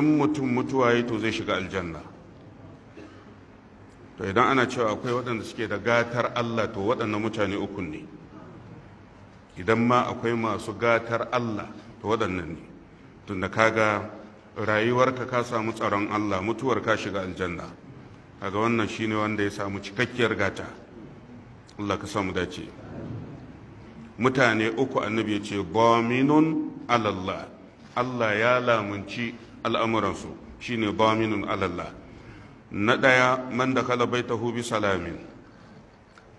in mutum mutuwa yi to zai shiga aljanna to idan ana cewa akwai waɗanda suke da gatar allah to waɗannan mutane uku ne idan ma akwai masu gatar allah to waɗannan ne tunda kaga rayuwarka ka samu tsaron allah mutuwar ka shiga aljanna kaga wannan shine wanda ya samu cikakkiyar gata allah ka samu dace mutane uku annabi ya ce gominun alallah allah ya lamunci al'amuransu shine baminun alallah na ɗaya man da kala bai tahu bi salamin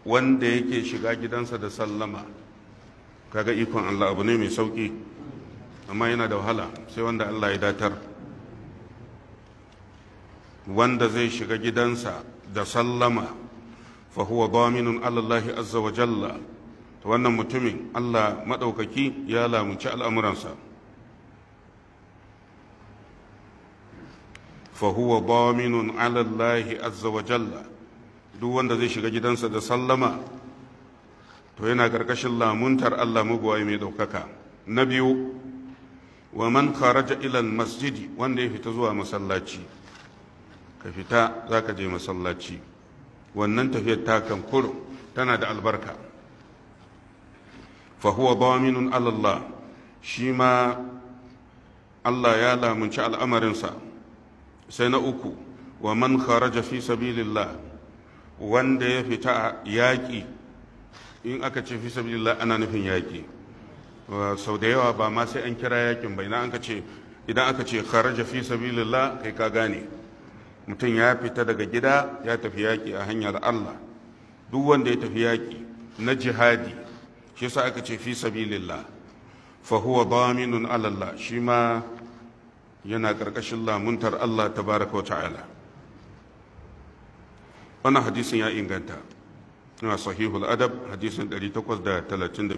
wanda yake shiga gidansa da sallama kaga ikon Allah abu ne mai sauƙi amma yana da wahala sai wanda Allah ya datar wanda zai shiga gidansa da sallama fa huwa daminun alallahi azza wa jalla wannan mutumin Allah maɗaukaki ya lamunci al'amuransa fa huwa daminun ala Allah azza wa jalla duk wanda zai shiga gidansa da sallama to yana karkashin lamuntar Allah mugwaye mai ɗaukaka. na biyu wa man kharaja ila masjidi wanda ya fita zuwa masallaci ka fita zaka je masallaci wannan tafiyar ta kan kuro tana da albarka fa huwa daminun ala Allah shi ma Allah ya lamunci al'amarinsa sai na uku wa man kharaja fi sabilillah wanda ya fita yaƙi in aka ce fi sabilillah ana nufin yaƙi sau da yawa ba ma sai an kira yaƙin ba idan aka ce idan kharaja fi sabilillah kai ka gane mutum ya fita daga gida ya tafi yaƙi a hanyar Allah duk wanda ya tafi yaƙi na jihadi shi yasa aka ce fi sabilillah fa huwa daminun ala shi ma yana ƙarƙashin lamuntar Allah tabaraka wa ta'ala wannan hadisin ya inganta na sahihul adab hadisin biyu.